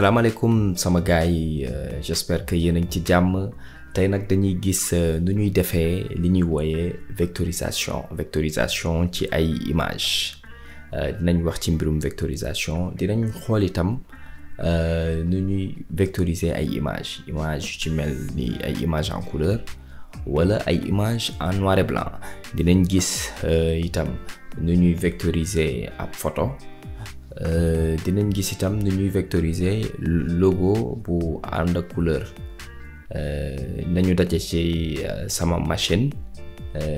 salaamaaleykum sama gars yi euh, j'espère que yéen a ci jàmm tey nag dañuy gis euh, nu ñuy defee li ñuy wooyee vectorisation vectorisation ci ay image euh, dinañ wax ci mbirum vectorisation dinañ xool itam nu ñuy vectoriser ay image image ci mel ni ay image en couleur wala ay image en noir et blanc dinañ gis itam nu ñuy vectoriser ab photo Euh, dinañ gis itam nu ñuy vectoriser logo bu ànd ak couleur euh, nañu daje ci euh, sama machine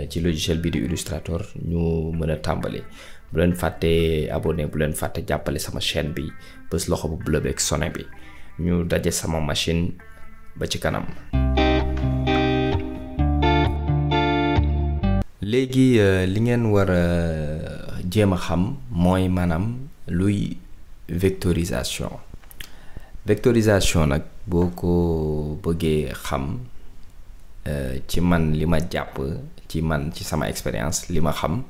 ci logiciel bi di Illustrator ñu mën a tàmbali bu leen fàttee abonné bu leen fàtte jàppale sama chaîne bi bés loxo bu bleu beeg bi ñu daje sama machine ba ci kanam. léegi li ngeen war a jéem a xam mooy maanaam. luy vectorisation vectorisation nag boo ko bëggee xam euh, ci man li ma jàpp ci man ci sama expérience li ma xam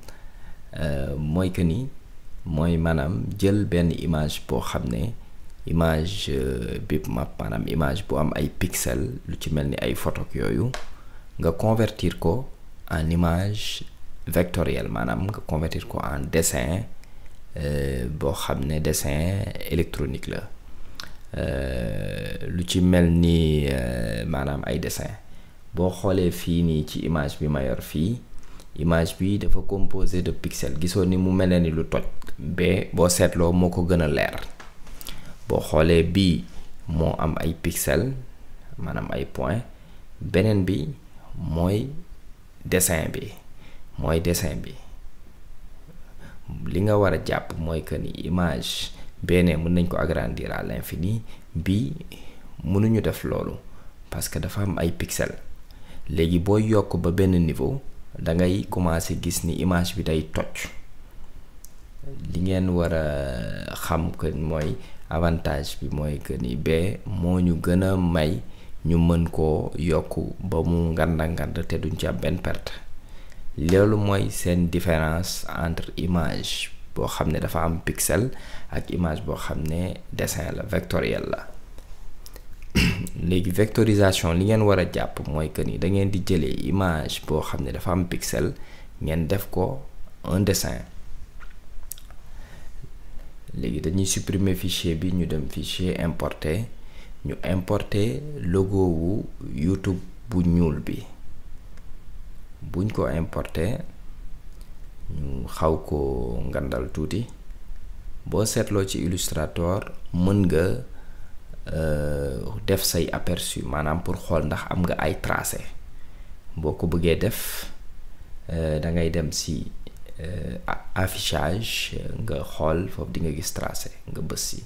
euh, mooy que ni mooy maanaam jël benn image boo xam ne image euh, bitmap maanaam image bu am ay pixel lu ci mel ni ay photo yooyu nga convertir ko en image vectorielle maanaam nga convertir ko en dessin Euh, boo xam ne dessin électronique la euh, lu ci mel ni euh, maanaam ay dessin boo xoolee fii nii ci image bi ma fii image bi dafa composé de pixels gisoo ni mu mel ne ni lu toj boo seetloo moo ko gën a leer boo xoolee bii moo am ay pixels maanaam ay point beneen bi mooy dessin bi mooy dessin bi li nga war a jàpp mooy que ni image beneen mën nañ ko agrandir à l'infini bi mënuñu def loolu parce que dafa am ay pixel léegi booy yokk ba benn niveau da ngay commencer gis ni image bi day toj li ngeen war a xam que mooy avantage bi mooy que ni bee moo ñu gën a may ñu mën koo yokk ba mu nganda nganda te duñ ci am benn perte loolu mooy seen différence entre image boo xam ne dafa am pixel ak image boo xam ne dessin la vectoriel la léegi vectorisation li ngeen war a jàpp mooy que ni da ngeen di jëlee image boo xam ne dafa am pixel ngeen def ko un dessin léegi dañuy supprimer fichier bi ñu dem fichier importer ñu importer logo wu YouTube bu ñuul bi. buñ ko importer ñu xaw ko ngandal tuuti boo seetloo ci Illustrator mën nga euh, def say aperçu maanaam pour xool ndax am nga ay tracé boo ko bëggee def euh, da ngay dem si euh, affichage nga xool foofu di nga gis tracé nga bës si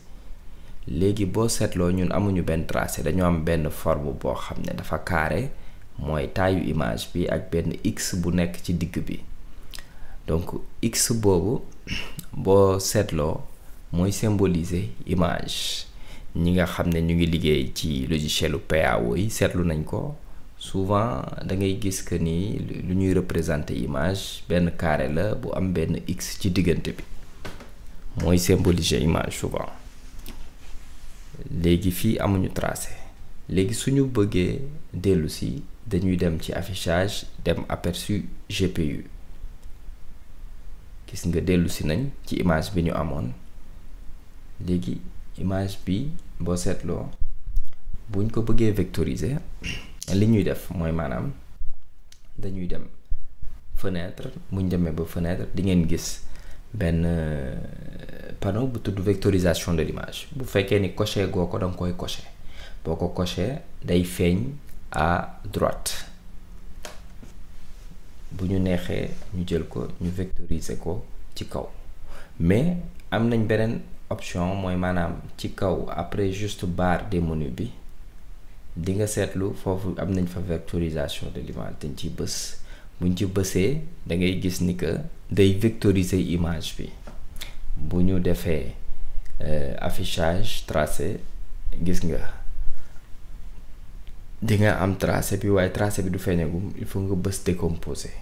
léegi boo seetloo ñun amuñu benn tracé dañoo am benn forme boo xam ne dafa carré mooy taayu image bi ak benn x bu nekk ci digg bi donc x boobu boo seetloo mooy symboliser image ñi nga xam ne ñu ngi liggéey ci logicielu PAO yi seetlu nañ ko souvent da ngay gis que ni lu ñuy représenter image benn carré la bu am benn x ci diggante bi mooy symboliser image souvent léegi fii amuñu tracé léegi suñu bëggee dellusi dañuy dem ci affichage dem aperçu GPU gis nga dellu si nañ ci image bi ñu amoon léegi image bi boo seetloo buñ ko bëggee vectoriser li ñuy def mooy maanaam dañuy dem fenêtre muñ demee ba fenêtre di ngeen gis benn euh, panneau bu tudd vectorisation de l'image bu fekkee ni coché goo ko danga koy coché boo ko coché day feeñ a droite bu ñu neexee ñu jël ko ñu vectoriser ko ci kaw mais am nañ beneen option mooy maanaam ci kaw après juste barre de menus bi di nga seetlu foofu am nañ fa vectorisation de l'image dañ ci bës buñ ci bësee da ngay gis ni que day vectoriser image bi bu ñu defee euh, affichage tracé gis nga dinga nga am tracé bi waaye tracé bi du feeñagum il faut nga bës décomposer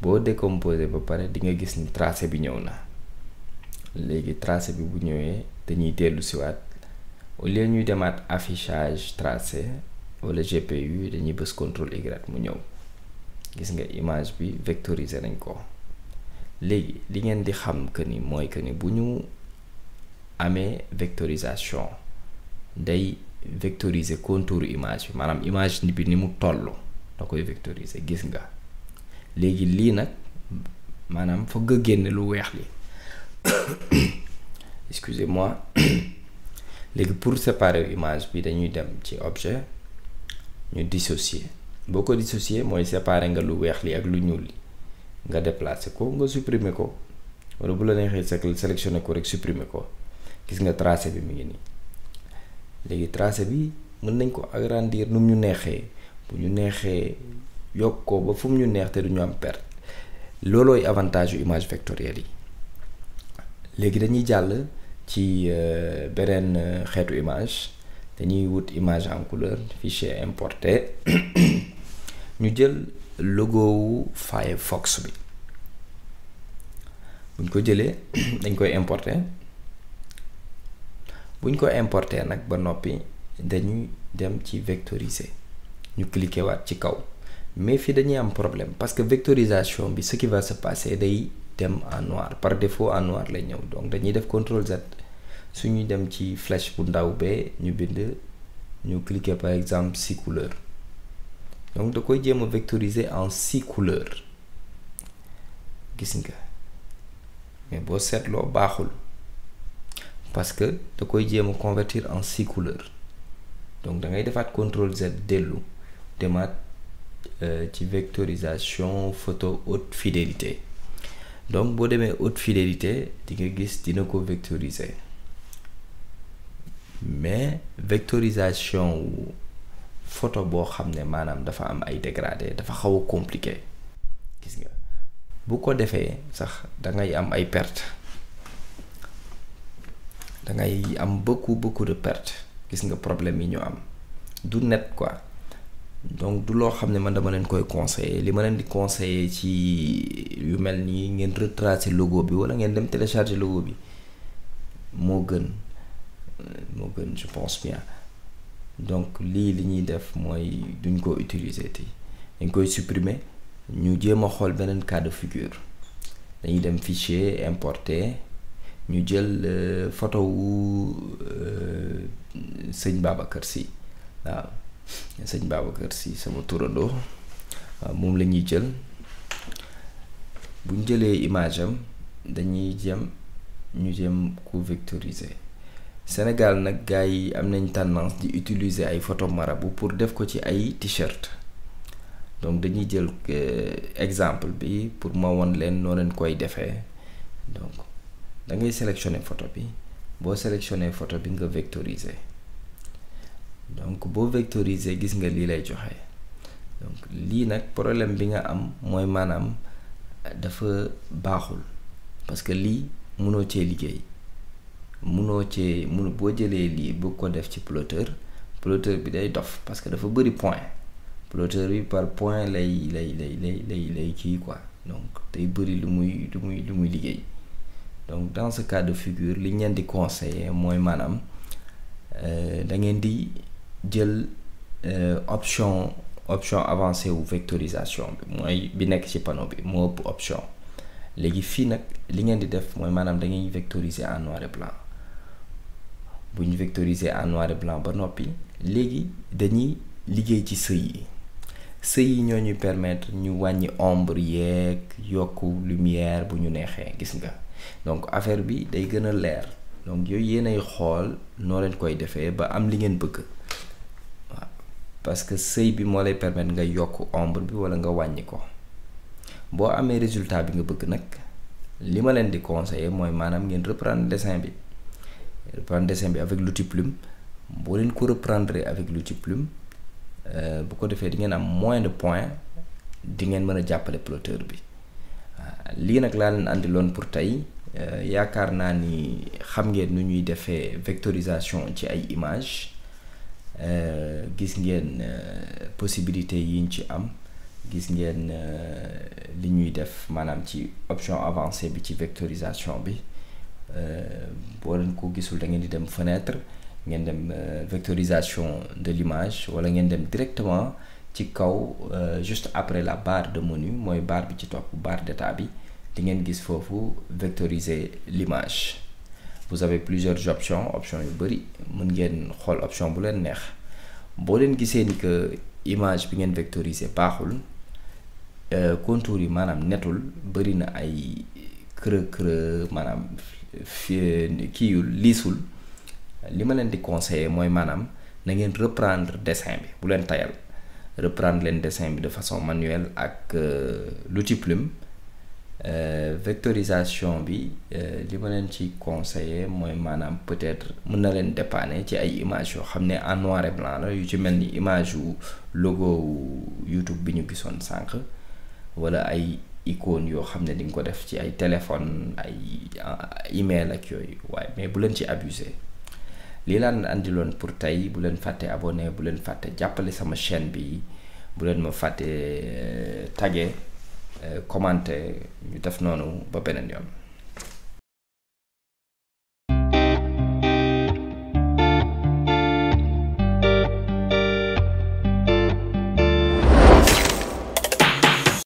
boo décomposé ba pare di nga gis ni tracé bi ñëw na léegi trace bi bu ñëwee dañuy dellu au lieu ñuy demaat affichage tracé wala GPU dañuy bës contrôle Y mu ñëw gis nga image bi vectorisé nañ ko léegi li ngeen di xam que ni mooy que ni bu ñu amee vectorisation day vectoriser contour image bi maanaam image bi ni mu toll da koy vectoriser gis nga léegi lii nag maanaam foog nga génne lu weex li excusez-moi léegi pour séparer image bi dañuy dem ci objet ñu dissocier boo ko dissocier mooy séparer nga lu weex li ak lu ñuul li nga déplacer ko nga supprimer ko wala bu la neexee sélectionner ko rek supprimer ko gis nga tracé bi mu ngi nii. léegi tracé bi mën nañ ko agrandir nu mu ñu neexee bu ñu neexee yokkoo ko ba fu mu ñu neex te du am perte loolooy avantage yu image vectorielle yi léegi dañuy jàll ci euh, beneen euh, xeetu image dañuy wut image en couleur fichier importé ñu jël logo wu Firefox bi buñ ko jëlee dañ koy importer buñ ko importer nag ba noppi dañuy dem ci vectoriser ñu cliqué waat ci kaw mais fii dañuy am problème parce que vectorisation bi ce qui va se passer day dem en par défaut en noir lay ñëw donc dañuy def contrôle Z suñuy dem ci flèche bu ndaw bee ñu bind ñu cliquer par exemple six couleurs donc da koy jéem a vectoriser en six couleurs gis nga mais boo seetloo baaxul parce que da koy jéem a convertir en six couleurs donc da ngay defaat contrôle Z dellu demaat euh, ci vectorisation photo haute fidélité donc boo demee haute fidélité di nga gis dina ko vectoriser mais vectorisation wu photo boo xam ne maanaam dafa am ay dégradé dafa xaw a compliqué gis nga bu ko defee sax da ngay am ay perte da ngay am beaucoup beaucoup de perte gis nga problème yi ñu am du net quoi donc du loo xam ne man dama leen koy conseiller li ma leen di conseiller ci yu mel nii ngeen retracer logo bi wala ngeen dem télécharger logo bi moo gën euh, moo gën je pense bien donc lii li ñuy def mooy duñ ko utiliser ti dañ koy supprimer ñu jéem a xool beneen cas de figure dañuy dem fichier importer. ñu jël euh, photo wu euh, sëñ Babacar si waaw sëñ Babacar si sama turandoo waaw moom la ñuy jël bu ñu jëlee image am dañuy jëm ñu jëm ko vectoriser Sénégal nag gars yi am nañ tendance di utiliser ay photo marabu pour def ko ci ay t-shirt donc dañuy jël euh, exemple bi pour ma won leen noo leen koy defee da ngay sélectionner photo bi boo sélectionner photo bi nga vectoriser donc boo vectoriser gis nga lii lay joxe donc lii nag problème bi nga am mooy maanaam dafa baaxul parce que lii mënoo cee liggéey mënoo cee mun boo jëlee lii bëgg ko def ci plotter plotter bi day dof parce que dafa bëri point plotter bi par point lay lay lay lay lay kii quoi donc tey bëri lu muy lu muy lu muy liggéey donc dans ce cas de figure li ñu di conseiller mooy maanaam euh, da ngeen di jël euh, option option avancée wu vectorisation bi mooy bi nekk ci panneau bi moo ëpp option léegi fii nag li ngeen di def mooy maanaam da ngay vectoriser en noir et bu ñu vectoriser en noir ba noppi léegi dañuy liggéey ci sëy yi seuil yi ñoo ñuy permettre ñu wàññi ombre yeeg yokk lumière bu ñu neexee gis nga. donc affaire bi day gën a leer donc yooyu yéenay xool noo leen koy defee ba am li ngeen bëgg waaw parce que sëy bi moo lay permettre nga yokk ombre bi walla nga wàññi ko boo amee résultat bi nga bëgg nag li ma leen di conseiller mooy maanaam ngeen reprendre dessin bi reprendre dessin bi avec l'outil plume boo leen ko reprendre avec l'outil plume euh, bu ko defee di ngeen am moins de points di ngeen mën a jàppale ploteur bi lii nag laa leen àndi loon pour tey Euh, yaakaar naa ni xam ngeen nu ñuy defee vectorisation ci ay image euh, gis ngeen euh, possibilité yiñ ci am gis ngeen li ñuy def maanaam ci option avancée bi ci vectorisation bi boo leen ko gisul da ngeen di dem fenêtre ngeen dem vectorisation de l'image wala ngeen dem directement ci kaw juste après la barre de menu mooy bar bi ci topp barre d'état bi di ngeen gis foofu vectoriser l'image vous avez plusieurs options option yu bëri mën ngeen xool option bu leen neex boo leen gisee ni que image bi ngeen vectoriser baaxul euh, contours yi maanaam netul bëri na ay creux creux maanaam euh, kiiyul liisul li ma leen di conseiller mooy maanaam na ngeen reprendre dessin bi bu leen tayal reprendre leen dessin bi de façon manuelle ak euh, l'outil plume Euh, vectorisation bi euh, li ma leen ci conseiller mooy maanaam peut-être mën na leen dépanner ci ay images yoo xam ne en noir et la yu ci mel ni image wu logo wu YouTube bi ñu gisoon sànq wala ay icônes yoo xam ne di ko def ci ay téléphone ay email ak yooyu waaye mais bu leen ci abuser lii laan indiloon pour tey bu leen fàtte abonné bu leen fàtte jàppale sama chaîne bi bu leen ma fàtte euh, tagge Eh, commenter ñu def noonu ba beneen yoon.